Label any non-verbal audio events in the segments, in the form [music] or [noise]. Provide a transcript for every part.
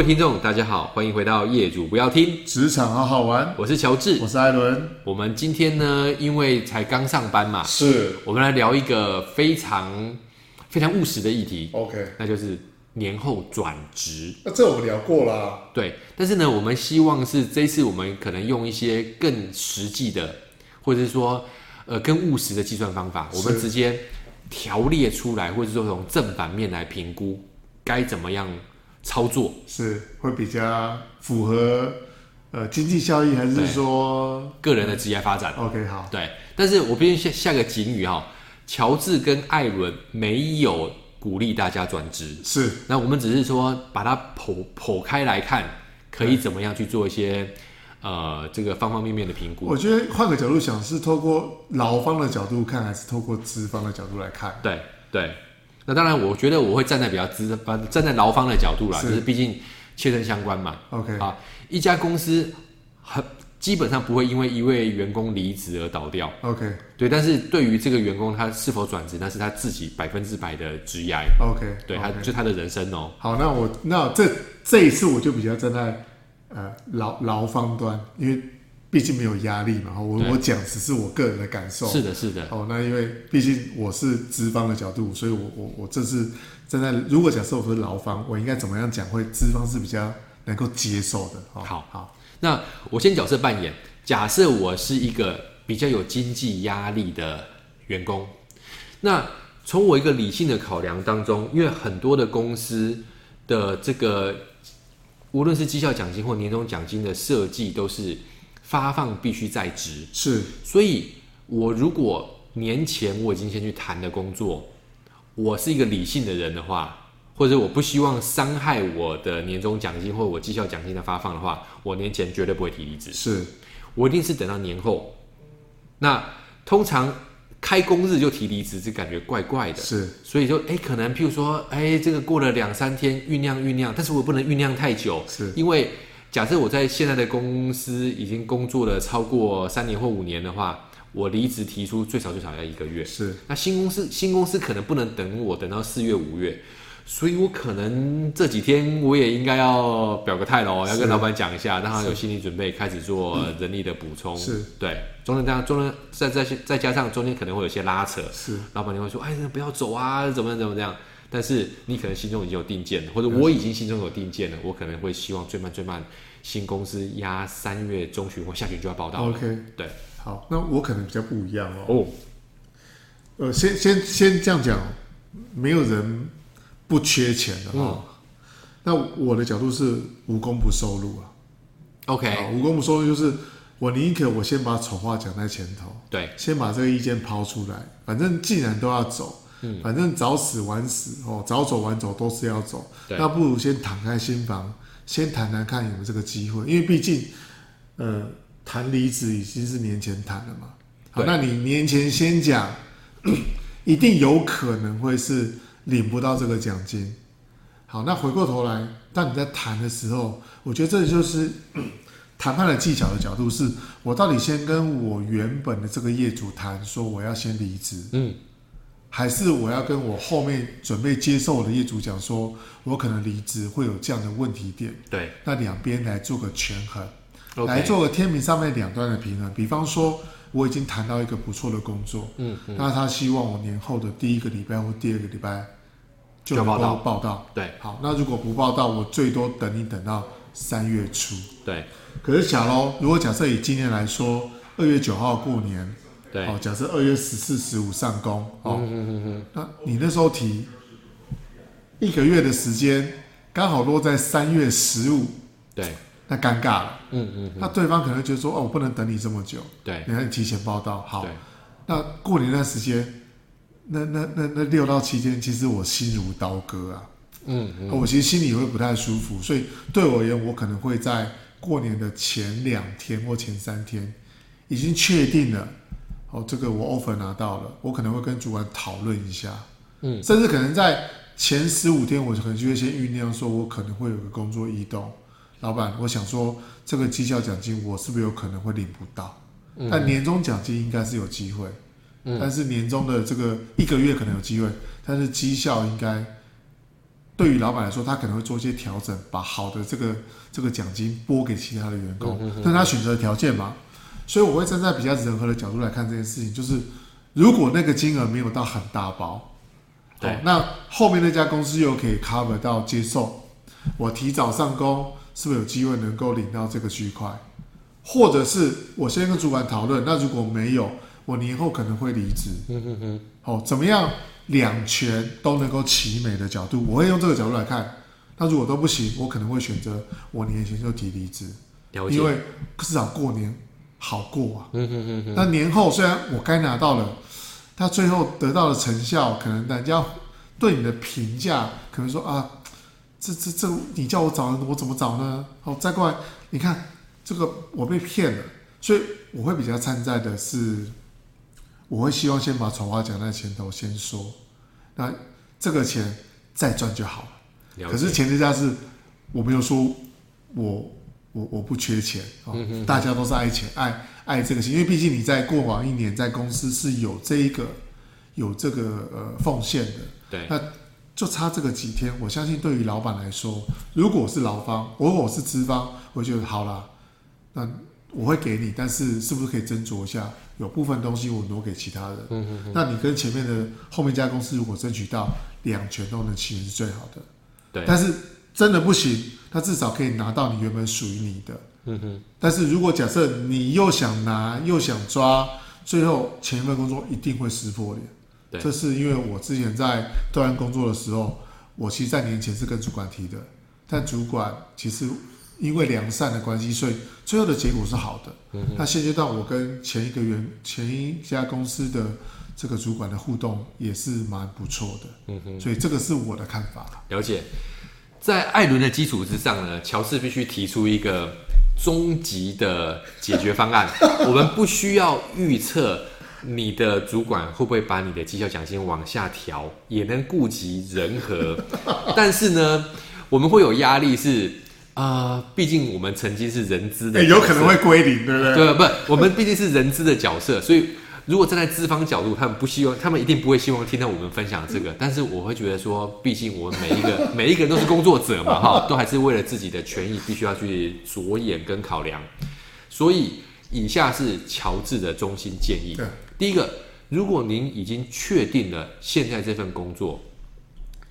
各位聽眾大家好，歡迎回到《業主不要聽職場好好玩》，我是喬治，我是艾倫。我們今天呢，因為才剛上班嘛，是，我們來聊一個非常非常務實的議題。OK，那就是年後轉職。那、啊、這我們聊過啦、啊，對。但是呢，我們希望是這次我們可能用一些更實際的，或者是說呃更務實的計算方法，我們直接條列出來，或者說從正反面來評估該怎麼樣。操作是會比較符合呃經濟效益，還是說、嗯、個人的職業發展、嗯、？OK，好。對，但是我必須下下個警語哈、哦，喬治跟艾倫沒有鼓勵大家轉職，是。那我們只是說把它剖剖開來看，可以怎麼樣去做一些呃這個方方面面的評估？我覺得換個角度想，是透過勞方的角度看，還是透過資方的角度來看？對對。那當然，我覺得我會站在比較資，站在勞方的角度啦，就是畢竟切身相關嘛。OK，、啊、一家公司很基本上不會因為一位員工離職而倒掉。OK，對，但是對於這個員工他是否轉職，那是他自己百分之百的職涯。OK，對他 okay. 就他的人生哦、喔。好，那我那我這這一次我就比較站在呃勞勞方端，因為。畢竟沒有壓力嘛，我我講只是我個人的感受。是的，是的。哦，那因為畢竟我是資方的角度，所以我我我這次站在，如果假設我是勞方，我應該怎麼樣講會資方是比較能夠接受的。哦？好，好。那我先角色扮演，假設我是一個比較有經濟壓力的員工，那從我一個理性的考量當中，因為很多的公司的這個無論是績效獎金或年終獎金的設計都是。發放必須在職，是，所以我如果年前我已經先去談的工作，我是一個理性的人的話，或者我不希望傷害我的年終獎金或者我績效獎金的發放的話，我年前絕對不會提離職。是，我一定是等到年後。那通常開工日就提離職，這感覺怪怪的。是，所以就誒、欸，可能譬如說，誒、欸，這個過了兩三天醞釀醞釀，但是我不能醞釀太久，是因為。假設我在現在的公司已經工作了超過三年或五年的話，我離職提出最少最少要一個月。是，那新公司新公司可能不能等我等到四月五月，所以我可能這幾天我也應該要表個態了哦，要跟老闆講一下，讓他有心理準備，開始做人力的補充。是、嗯、是，對，中間這樣，中間再再再加上中間可能會有些拉扯，是，老闆就會說：“哎，不要走啊，怎麼樣怎麼樣？”但是你可能心中已經有定見了，或者我已經心中有定見了，我可能會希望最慢最慢新公司壓三月中旬或下旬就要報到。OK，對，好，那我可能比較不一樣哦。哦、oh.，呃，先先先這樣講，沒有人不缺錢的哦。Oh. 那我的角度是無功不受祿啊。OK，無功不受祿就是我寧可我先把醜話講在前頭，對，先把這個意見拋出來，反正既然都要走。反正早死晚死哦，早走晚走都是要走，那不如先敞開心房，先談談看有沒有這個機會，因為畢竟，呃，談離職已經是年前談了嘛，好，那你年前先講，一定有可能會是領不到這個獎金。好，那回過頭來，當你在談的時候，我覺得這就是談判的技巧的角度是，我到底先跟我原本的這個業主談，說我要先離職，嗯。還是我要跟我後面準備接受我的業主講說，我可能離職會有這樣的問題點。對，那兩邊來做個權衡，Okay. 來做個天平上面兩端的平衡。比方說，我已經談到一個不錯的工作，嗯，嗯，那他希望我年後的第一個禮拜或第二個禮拜就能夠報到。報到，對。好，那如果不報到，我最多等你等到三月初。對。可是假嘍，如果假設以今年來說，二月九號過年。好、哦，假設二月十四、十五上工，哦，嗯嗯嗯，那你那時候提一個月的時間，剛好落在三月十五，對，那尷尬了，嗯嗯，那對方可能覺得說，哦，我不能等你這麼久，對，你看你提前報到，好，那過年那時間，那那那那六到七天，其實我心如刀割啊，嗯嗯、啊，我其實心裡會不太舒服，所以對我而言，我可能會在過年的前兩天或前三天已經確定了。哦，這個我 offer 拿到了，我可能會跟主管討論一下，嗯、甚至可能在前十五天，我可能就會先醞釀說，說我可能會有個工作異動，老闆，我想說這個績效獎金我是不是有可能會領不到？嗯、但年終獎金應該是有機會，嗯，但是年終的這個一個月可能有機會，但是績效應該對於老闆來說，他可能會做一些調整，把好的這個這個獎金撥給其他的員工，嗯、哼哼，但是他選擇的條件嘛？所以我會站在比較人資的角度來看這件事情，就是如果那個金額沒有到很大包，對，哦、那後面那家公司又可以 cover 到接受，我提早上工是不是有機會能夠領到這個區塊？或者是我先跟主管討論，那如果沒有，我年後可能會離職。嗯嗯嗯。好，怎麼樣兩全都能夠其美的角度，我會用這個角度來看。那如果都不行，我可能會選擇我年前就提離職，了解。因為至少過年。好過啊， [laughs] 那年後雖然我該拿到了，他最後得到的成效，可能人家對你的評價，可能說啊，這這這，你叫我找人，我怎麼找呢？好，再過來，你看這個我被騙了，所以我會比較參在的是，我會希望先把醜話講在前頭，先說，那這個錢再賺就好了。了可是前提下是，我沒有說我。我我不缺錢啊、哦，大家都是愛錢愛愛這個錢，因為畢竟你在過往一年在公司是有這一個有這個呃奉獻的，對，那就差這個幾天。我相信對於老闆來說，如果我是勞方，我如果我是資方，我覺得好啦，那我會給你，但是是不是可以斟酌一下，有部分東西我挪給其他人。嗯，那你跟前面的後面一家公司，如果爭取到兩全都能其實是最好的，對，但是真的不行。他至少可以拿到你原本屬於你的。嗯、但是如果假設你又想拿又想抓，最後前一份工作一定會撕破臉。對。這是因為我之前在斷案工作的時候、嗯，我其實在年前是跟主管提的，但主管其實因為良善的關係，所以最後的結果是好的。嗯、那現階段我跟前一個員前一家公司的這個主管的互動也是蠻不錯的、嗯。所以這個是我的看法。嗯、了解。在艾倫的基礎之上呢，喬治必須提出一個終極的解決方案。 [laughs] 我們不需要預測你的主管會不會把你的績效獎金往下調，也能顧及人和。但是呢，我們會有壓力是，是、呃、啊，畢竟我們曾經是人資的、欸，有可能會歸零，對不對？對，不，我們畢竟是人資的角色，所以。如果站在資方角度，他們不希望，他們一定不會希望聽到我們分享這個。但是我會覺得說，畢竟我們每一個每一個人都是工作者嘛，哈，都還是為了自己的權益，必須要去着眼跟考量。所以，以下是喬治的中心建議。第一個，如果您已經確定了現在這份工作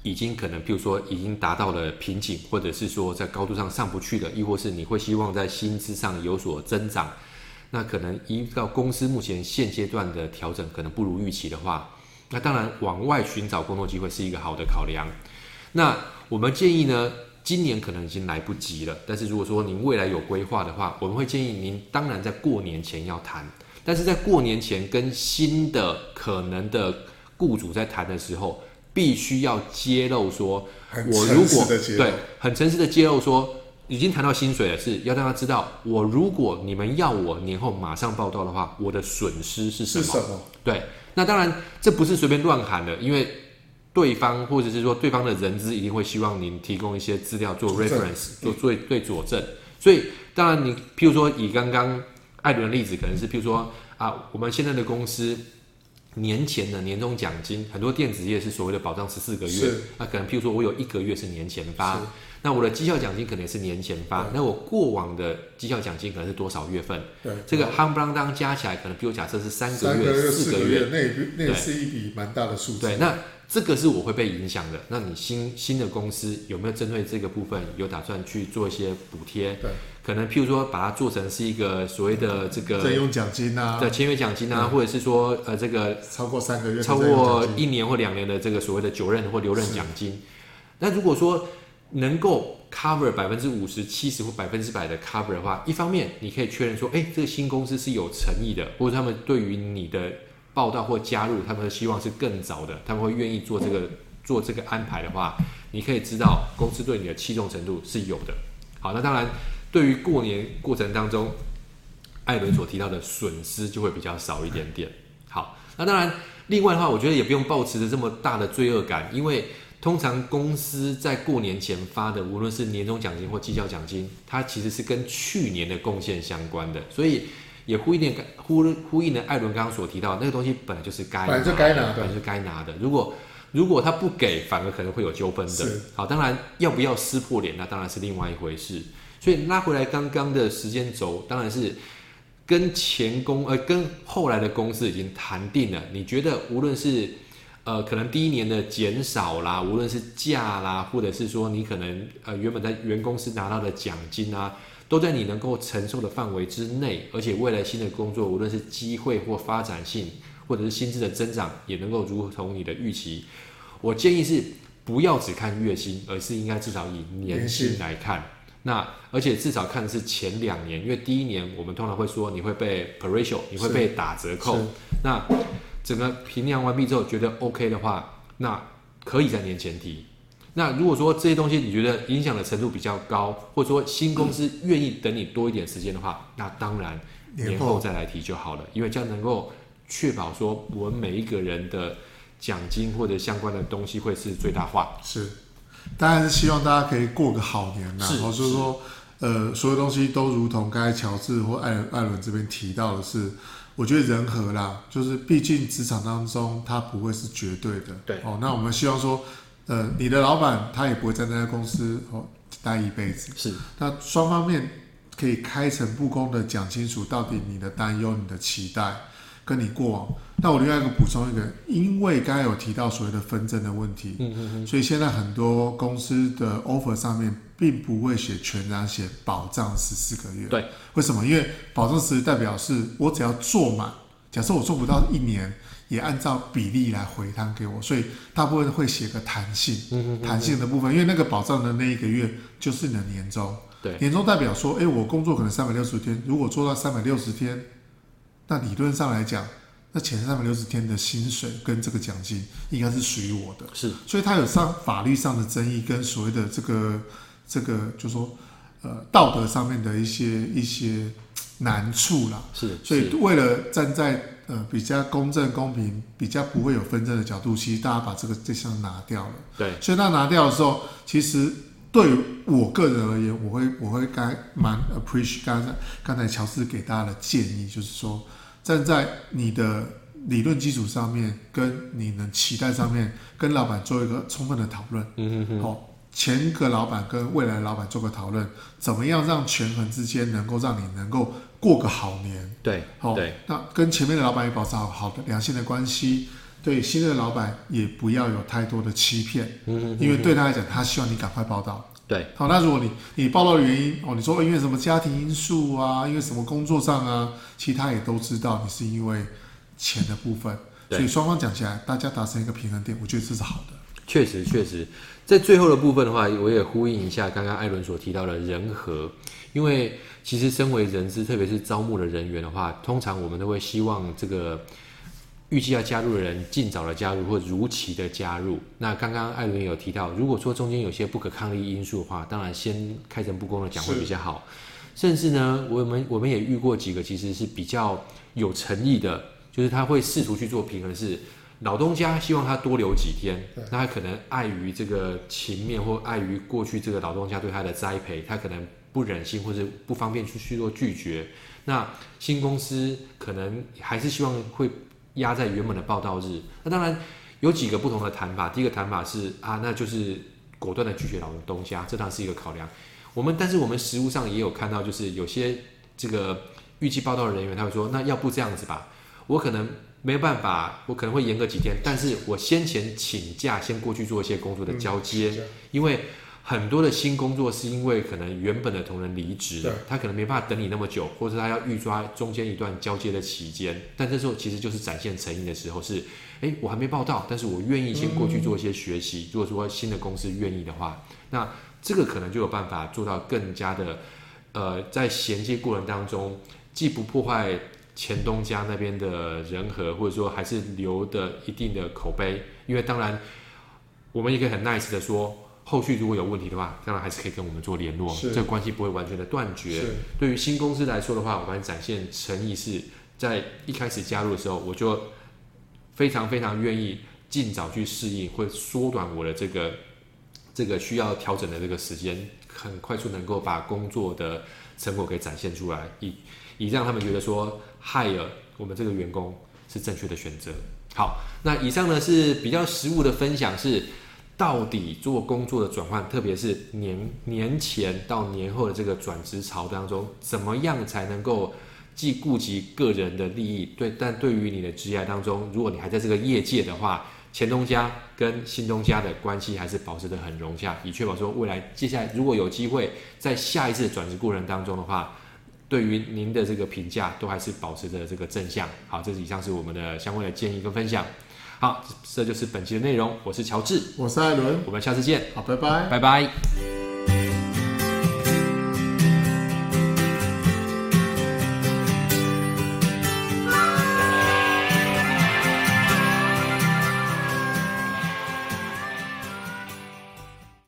已經可能，譬如說已經達到了瓶頸，或者是說在高度上上不去的，亦或是你會希望在薪資上有所增長。那可能依照公司目前現階段的調整可能不如預期的話，那當然往外尋找工作機會是一個好的考量。那我們建議呢，今年可能已經來不及了。但是如果說您未來有規劃的話，我們會建議您，當然在過年前要談。但是在過年前跟新的可能的雇主在談的時候，必須要揭露說，很誠實的揭露。我如果對，很誠實的揭露說。已經談到薪水了，是要大家知道，我如果你們要我年後馬上報到的話，我的損失是什麼？是什麼？對，那當然這不是隨便亂喊的，因為對方或者是說對方的人資一定會希望您提供一些資料做 reference，對，做最最佐證。所以當然你譬如說以剛剛艾倫的例子，可能是譬如說啊、呃，我們現在的公司。年前的年終獎金，很多電子業是所謂的保障十四個月，那可能譬如說我有一個月是年前發，那我的績效獎金可能也是年前發，那我過往的績效獎金可能是多少月份？這個夯不啷噹加起來，可能譬如假設是三個、三個月、四個月，那那是一筆蠻大的數字。對，那這個是我會被影響的。那你新新的公司有沒有針對這個部分有打算去做一些補貼？對可能譬如說，把它做成是一個所謂的這個在用獎金啊，在簽約獎金啊，或者是說、嗯、呃，這個超過三個月、超過一年或兩年的這個所謂的久任或留任獎金。但如果說能夠 cover 百分之五十、七十或百分之百的 cover 的話，一方面你可以確認說，哎、欸，這個新公司是有誠意的，或者他們對於你的報到或加入，他們的希望是更早的，他們會願意做這個做這個安排的話，你可以知道公司對你的器重程度是有的。好，那當然。對於過年過程當中，艾倫所提到的損失就會比較少一點點。好，那當然，另外的話，我覺得也不用抱持着這麼大的罪惡感，因為通常公司在過年前發的，無論是年終獎金或績效獎金，它其實是跟去年的貢獻相關的，所以也呼應了呼呼應了艾倫剛剛所提到那個東西，本來就是該拿，該拿的對，本來是該拿的。如果如果他不給，反而可能會有糾紛的是。好，當然要不要撕破臉，那當然是另外一回事。嗯所以拉回來剛剛的時間軸，當然是跟前公、呃跟後來的公司已經談定了。你覺得無論是呃可能第一年的減少啦，無論是假啦，或者是說你可能呃原本在原公司拿到的獎金啊，都在你能夠承受的範圍之內。而且未來新的工作，無論是機會或發展性，或者是薪資的增長，也能夠如同你的預期。我建議是不要只看月薪，而是應該至少以年薪來看。那而且至少看的是前兩年，因為第一年我們通常會說，你會被 pro rata，你會被打折扣。那整個評量完畢之後覺得 OK 的話，那可以在年前提。那如果說，這些東西你覺得影響的程度比較高，或者說新公司願意等你多一點時間的話，嗯、那當然年後再來提就好了，因為這樣能夠確保說我們每一個人的獎金或者相關的東西會是最大化。嗯、是。當然是希望大家可以過個好年啦。是，我是說，就是說，呃，所有東西都如同剛才喬治或艾倫艾倫這邊提到的是，我覺得人和啦，就是畢竟職場當中它不會是絕對的。對，哦，那我們希望說，呃，你的老闆他也不會在那家公司哦，呃、待一輩子。是，那雙方面可以開誠佈公的講清楚，到底你的擔憂、你的期待。跟你過往，那我另外一個補充一個，因為剛才有提到所謂的紛爭的問題、嗯哼哼，所以現在很多公司的 offer 上面並不會寫全然寫保障十四個月，對，為什麼？因為保障十四個月代表是我只要做滿，假設我做不到一年，也按照比例來回彈給我，所以大部分會寫個彈性，彈性、嗯、彈性的部分，因為那個保障的那一個月就是你的年終，年終代表說，哎、欸，我工作可能三百六十天，如果做到三百六十天。那理論上來講，那前三百六十天的薪水跟這個獎金應該是屬於我的，是，所以他有上法律上的爭議跟所謂的這個這個，就是說，呃，道德上面的一些一些難處啦。是，是，所以為了站在呃比較公正公平，比較不會有紛爭的角度，其實大家把這個這項拿掉了，對，所以他拿掉的時候，其實對我個人而言，我會我會該蠻 appreciate 剛才剛才喬治給大家的建議，就是說。站在你的理論基礎上面，跟你的期待上面，跟老闆做一個充分的討論。嗯嗯嗯。好，前個老闆跟未來的老闆做個討論，怎麼樣讓權衡之間能夠讓你能夠過個好年？對，好。對、哦。那跟前面的老闆也保持好好的良性的關係。對新的老闆也不要有太多的欺騙，嗯，因為對他來講，他希望你趕快報到。對，好，那如果你你報到的原因哦，你說因為什麼家庭因素啊，因為什麼工作上啊，其他也都知道你是因為錢的部分，所以雙方講起來，大家達成一個平衡點，我覺得這是好的。確實，確實，在最後的部分的話，我也呼應一下剛剛艾倫所提到的人和，因為其實身為人資，特別是招募的人員的話，通常我們都會希望這個。預計要加入的人盡早的加入，或如期的加入。那剛剛艾倫也有提到，如果說中間有些不可抗力因素的話，當然先開誠佈公的講會比較好。甚至呢，我們我們也遇過幾個其實是比較有誠意的，就是他會試圖去做平衡。是老東家希望他多留幾天，嗯、那他可能礙於這個情面或礙於過去這個老東家對他的栽培，他可能不忍心或者不方便去去做拒絕。那新公司可能還是希望會。壓在原本的報到日，那當然有幾個不同的談法。第一個談法是啊，那就是果斷的拒絕老人東家，這當然是一個考量。我們但是我們實務上也有看到，就是有些這個預計報到的人員，他會說，那要不這樣子吧，我可能沒有辦法，我可能會延個幾天，但是我先前請假先過去做一些工作的交接，嗯、因為。很多的新工作是因為可能原本的同仁離職，他可能沒辦法等你那麼久，或者他要預抓中間一段交接的期間。但這時候其實就是展現誠意的時候，是，誒、欸，我還沒報到，但是我願意先過去做一些學習。嗯。如果說新的公司願意的話，那這個可能就有辦法做到更加的，呃，在銜接過程當中，既不破壞前東家那邊的人和，或者說還是留的一定的口碑。因為當然，我們也可以很 nice 的說。後續如果有問題的話，當然還是可以跟我們做聯絡，這個關係不會完全的斷絕。對於新公司來說的話，我蠻展現誠意，是在一開始加入的時候，我就非常非常願意盡早去適應，會縮短我的這個這個需要調整的這個時間，很快速能夠把工作的成果給展現出來，以以讓他們覺得說 hire 我們這個員工是正確的選擇。好，那以上呢是比較實務的分享是。到底做工作的轉換，特別是年年前到年後的這個轉職潮當中，怎麼樣才能夠既顧及個人的利益？對，但對於你的職業當中，如果你還在這個業界的話，前東家跟新東家的關係還是保持得很融洽，以確保說未來接下來如果有機會在下一次轉職過程當中的話，對於您的這個評價都還是保持着這個正向。好，這是以上是我們的相關的建議跟分享。好，這就是本期的內容。我是喬治，我是艾倫，我們下次見。好，拜拜，拜拜。